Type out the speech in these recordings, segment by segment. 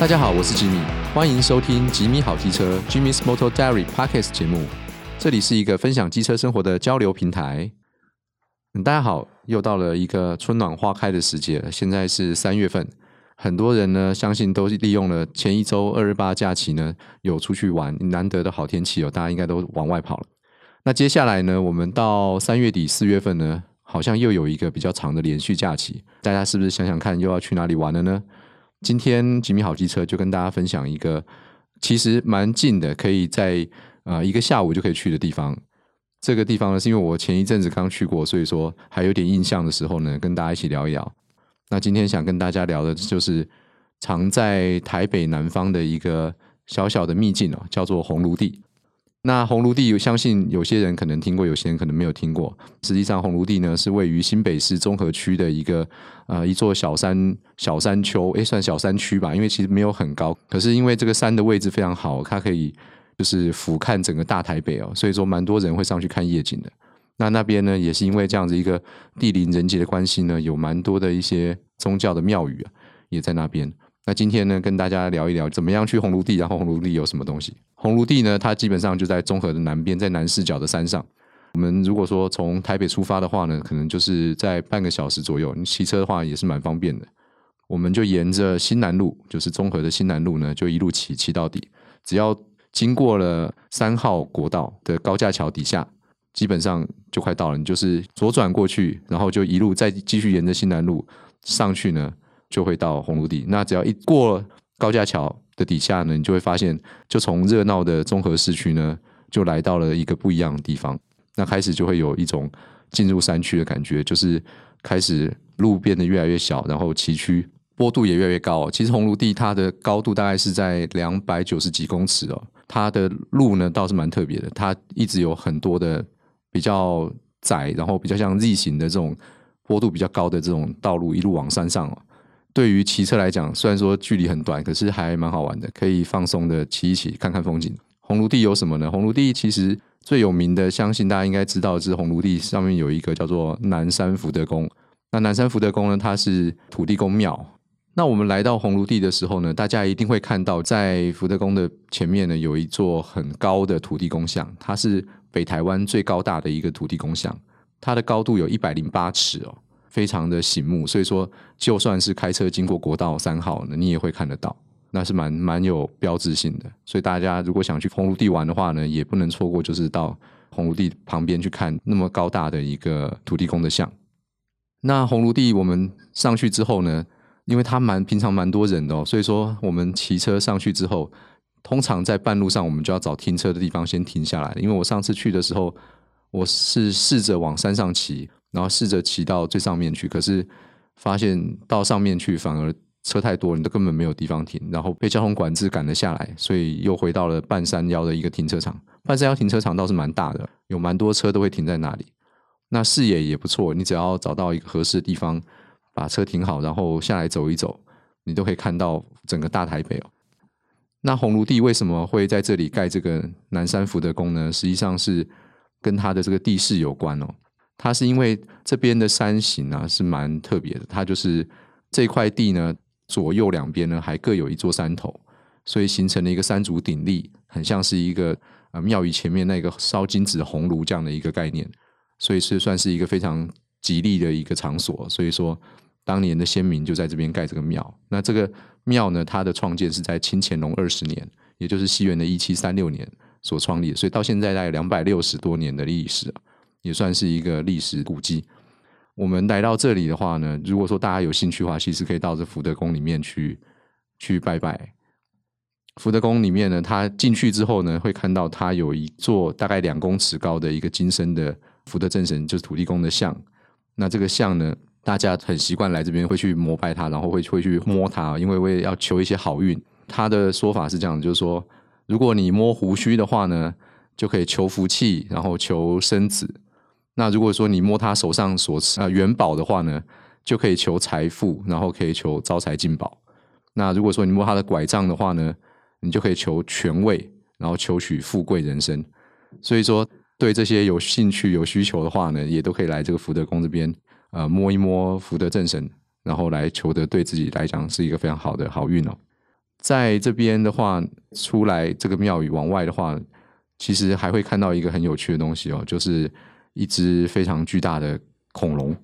大家好，我是吉米，歡迎收聽《吉米好機車》（Jimmy's Motor Diary p o c a s t 節目。這裡是一個分享機車生活的交流平台。嗯、大家好，又到了一個春暖花開的時節了，現在是三月份，很多人呢，相信都利用了前一周二日八假期呢，有出去玩，難得的好天氣哦，大家應該都往外跑了。那接下來呢，我們到三月底四月份呢，好像又有一個比較長的連續假期，大家是不是想想看，又要去哪裡玩了呢？今天吉米好機車就跟大家分享一個其實蠻近的，可以在呃一個下午就可以去的地方。這個地方呢是因為我前一陣子剛去過，所以說還有點印象的時候呢，跟大家一起聊一聊。那今天想跟大家聊的就是，藏在台北南方的一個小小的秘境哦，叫做洪爐地。那洪爐地，相信有些人可能聽過，有些人可能沒有聽過。實際上，洪爐地呢是位於新北市中和區的一個呃一座小山小山丘，哎，算小山區吧，因為其實沒有很高。可是因為這個山的位置非常好，它可以就是俯瞰整個大台北哦，所以說蠻多人會上去看夜景的。那那邊呢，也是因為這樣子一個地靈人傑的關係呢，有蠻多的一些宗教的廟宇啊，也在那邊。那今天呢，跟大家聊一聊怎麼樣去洪爐地，然後洪爐地有什麼東西。洪爐地呢，它基本上就在中和的南邊，在南勢角的山上。我們如果說從台北出發的話呢，可能就是在半個小時左右。你騎車的話也是蠻方便的。我們就沿着新南路，就是中和的新南路呢，就一路騎騎到底。只要經過了三號國道的高架橋底下，基本上就快到了。你就是左轉過去，然後就一路再繼續沿着新南路上去呢，就會到洪爐地，那只要一過高架橋的底下呢，你就會發現，就從熱鬧的中和市區呢，就來到了一個不一樣的地方。那開始就會有一種進入山區的感覺，就是開始路變得越來越小，然後崎嶇，坡度也越來越高哦。其實洪爐地它的高度大概是在兩百九十幾公尺哦，它的路呢倒是蠻特別的，它一直有很多的比較窄，然後比較像 Z 型的這種坡度比較高的這種道路，一路往山上哦。對於騎車來講，雖然說距離很短，可是還蠻好玩的，可以放鬆的騎一騎，看看風景。洪爐地有什麼呢？洪爐地其實最有名的，相信大家應該知道的是洪爐地上面有一個叫做南山福德宮。那南山福德宮呢，它是土地公廟。那我們來到洪爐地的時候呢，大家一定會看到，在福德宮的前面呢，有一座很高的土地公像，它是北台灣最高大的一個土地公像，它的高度有一百零八尺哦。非常的醒目，所以說就算是開車經過國道三號呢，你也會看得到，那是蠻蠻有標誌性的。所以大家如果想去洪爐地玩的話呢，也不能錯過，就是到洪爐地旁邊去看那麼高大的一個土地公的像。那洪爐地我們上去之後呢，因為它蠻平常蠻多人的哦，所以說我們騎車上去之後，通常在半路上我們就要找停車的地方先停下來。因為我上次去的時候，我是試着往山上騎。然後試着騎到最上面去，可是發現到上面去反而車太多，你都根本沒有地方停，然後被交通管制趕了下來，所以又回到了半山腰的一個停車場。半山腰停車場倒是蠻大的，有蠻多車都會停在那裡。那視野也不錯，你只要找到一個合適的地方，把車停好，然後下來走一走，你都可以看到整個大台北哦。那洪爐地為什麼會在這裡蓋這個南山福德宮呢？實際上是跟它的這個地勢有關哦。它是因為這邊的山形啊是蠻特別的，它就是這塊地呢，左右兩邊呢還各有一座山頭，所以形成了一個三足鼎立，很像是一個啊、呃、廟宇前面那個燒金紙的洪爐這樣的一個概念，所以是算是一個非常吉利的一個場所。所以說當年的先民就在這邊蓋這個廟。那這個廟呢，它的創建是在清乾隆二十年，也就是西元的一七三六年所創立，所以到現在大概兩百六十多年的歷史、啊也算是一個歷史古蹟。我們來到這裡的話呢，如果說大家有興趣的話，其實可以到這福德宮裡面去去拜拜。福德宮裡面呢，他進去之後呢，會看到他有一座大概兩公尺高的一個金身的福德正神，就是土地公的像。那這個像呢，大家很習慣來這邊會去膜拜他，然後會會去摸他，因為會要求一些好運。他的說法是這樣，就是說，如果你摸鬍鬚的話呢，就可以求福氣，然後求生子。那如果說你摸他手上所持啊、呃、元寶的話呢，就可以求財富，然後可以求招財進寶。那如果說你摸他的拐杖的話呢，你就可以求權位，然後求取富貴人生。所以說，對這些有興趣、有需求的話呢，也都可以來這個福德宮這邊，呃，摸一摸福德正神，然後來求得對自己來講是一個非常好的好運哦。在這邊的話，出來這個廟宇往外的話，其實還會看到一個很有趣的東西哦，就是。一隻非常巨大的恐龍，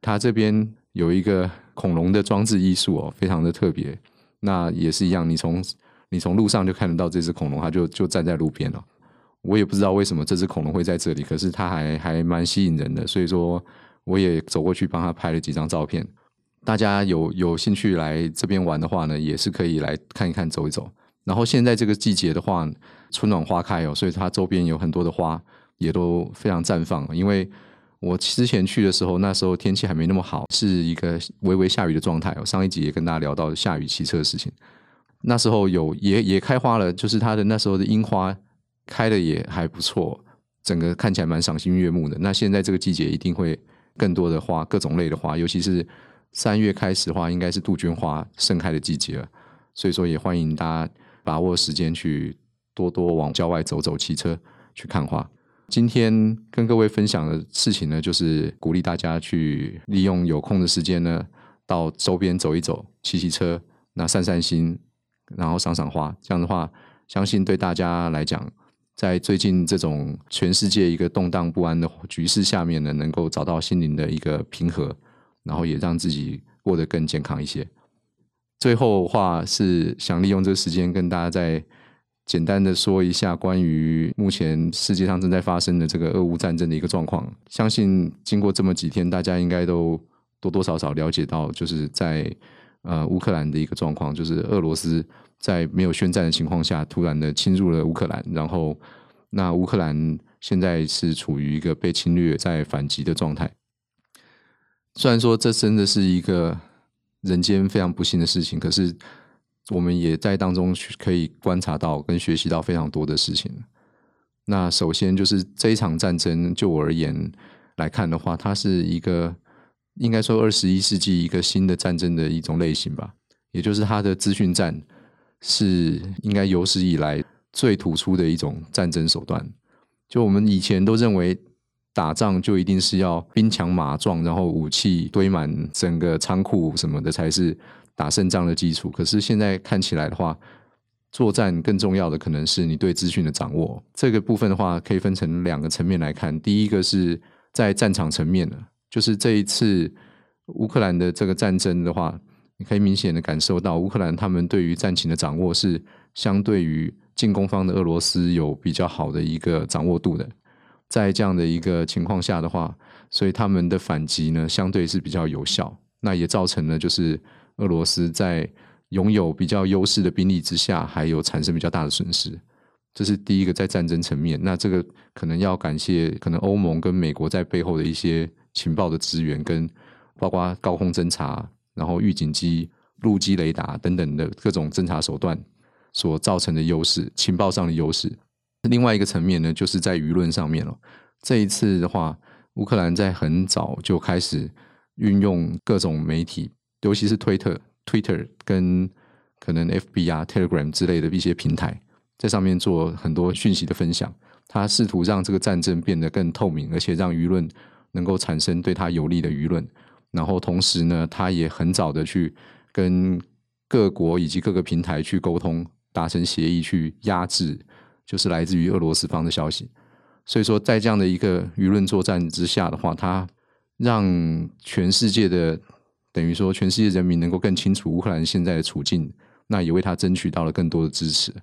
它這邊有一個恐龍的裝置藝術哦，非常的特別。那也是一樣，你從你從路上就看得到這隻恐龍，它就就站在路邊了哦。我也不知道為什麼這隻恐龍會在這裡，可是它還還蠻吸引人的。所以說，我也走過去幫它拍了幾張照片。大家有有興趣來這邊玩的話呢，也是可以來看一看、走一走。然後現在這個季節的話，春暖花開哦，所以它周邊有很多的花。也都非常綻放，因為我之前去的時候，那時候天氣還沒那麼好，是一個微微下雨的狀態。我上一集也跟大家聊到下雨騎車的事情，那時候有也也開花了，就是它的那時候的櫻花開的也還不錯，整個看起來蠻賞心悅目的。那現在這個季節一定會更多的花，各種類的花，尤其是三月開始的花，應該是杜鵑花盛開的季節了。所以說，也歡迎大家把握時間去多多往郊外走走，騎車去看花。今天跟各位分享的事情呢，就是鼓勵大家去利用有空的時間呢，到周邊走一走，騎騎車，那散散心，然後賞賞花。這樣的話，相信對大家來講，在最近這種全世界一個動盪不安的局勢下面呢，能夠找到心靈的一個平和，然後也讓自己過得更健康一些。最後的話是想利用這個時間跟大家在。簡單的說一下關於目前世界上正在發生的這個俄烏戰爭的一個狀況，相信經過這麼幾天，大家應該都多多少少了解到，就是在呃烏克蘭的一個狀況，就是俄羅斯在沒有宣戰的情況下，突然的侵入了烏克蘭，然後那烏克蘭現在是處於一個被侵略在反擊的狀態。雖然說這真的是一個人間非常不幸的事情，可是。我們也在當中可以觀察到跟學習到非常多的事情。那首先就是這一場戰爭，就我而言來看的話，它是一個應該說二十一世紀一個新的戰爭的一種類型吧。也就是它的資訊戰是應該有史以來最突出的一種戰爭手段。就我們以前都認為打仗就一定是要兵強馬壯，然後武器堆滿整個倉庫什麼的才是。打勝仗的基礎，可是現在看起來的話，作戰更重要的可能是你對資訊的掌握。這個部分的話，可以分成兩個層面來看。第一個是在戰場層面的，就是這一次烏克蘭的這個戰爭的話，你可以明顯的感受到烏克蘭他們對於戰情的掌握是相對於進攻方的俄羅斯有比較好的一個掌握度的。在這樣的一個情況下的話，所以他們的反擊呢，相對是比較有效，那也造成了就是。俄羅斯在擁有比較優勢的兵力之下，還有產生比較大的損失，這是第一個在戰爭層面。那這個可能要感謝可能歐盟跟美國在背後的一些情報的支援，跟包括高空偵察、然後預警機、陸基雷達等等的各種偵查手段所造成的優勢，情報上的優勢。另外一個層面呢，就是在輿論上面了。這一次的話，烏克蘭在很早就開始運用各種媒體。尤其是 Twitter、Twitter 跟可能 FB 啊、Telegram 之類的一些平台，在上面做很多訊息的分享。他試圖讓這個戰爭變得更透明，而且讓輿論能夠產生對他有利的輿論。然後同時呢，他也很早的去跟各國以及各個平台去溝通，達成協議去壓制，就是來自於俄羅斯方的消息。所以說，在這樣的一個輿論作戰之下的話，他讓全世界的。等於說，全世界人民能夠更清楚烏克蘭現在的處境，那也為他爭取到了更多的支持。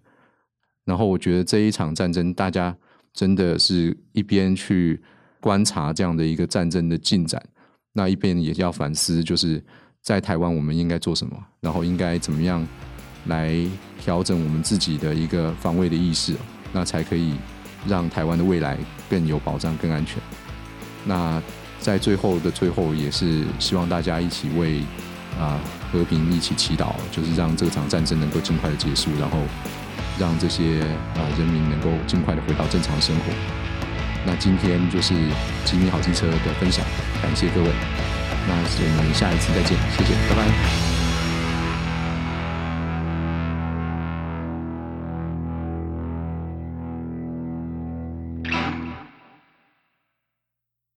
然後，我覺得這一場戰爭，大家真的是一邊去觀察這樣的一個戰爭的進展，那一邊也要反思，就是在台灣我們應該做什麼，然後應該怎麼樣來調整我們自己的一個防衛的意識，那才可以讓台灣的未來更有保障、更安全。那在最後的最後，也是希望大家一起為啊和平一起祈禱，就是讓這場戰爭能夠盡快的結束，然後讓這些啊人民能夠盡快的回到正常生活。那今天就是吉米好機車的分享，感謝各位，那所以我們下一次再見，謝謝，拜拜。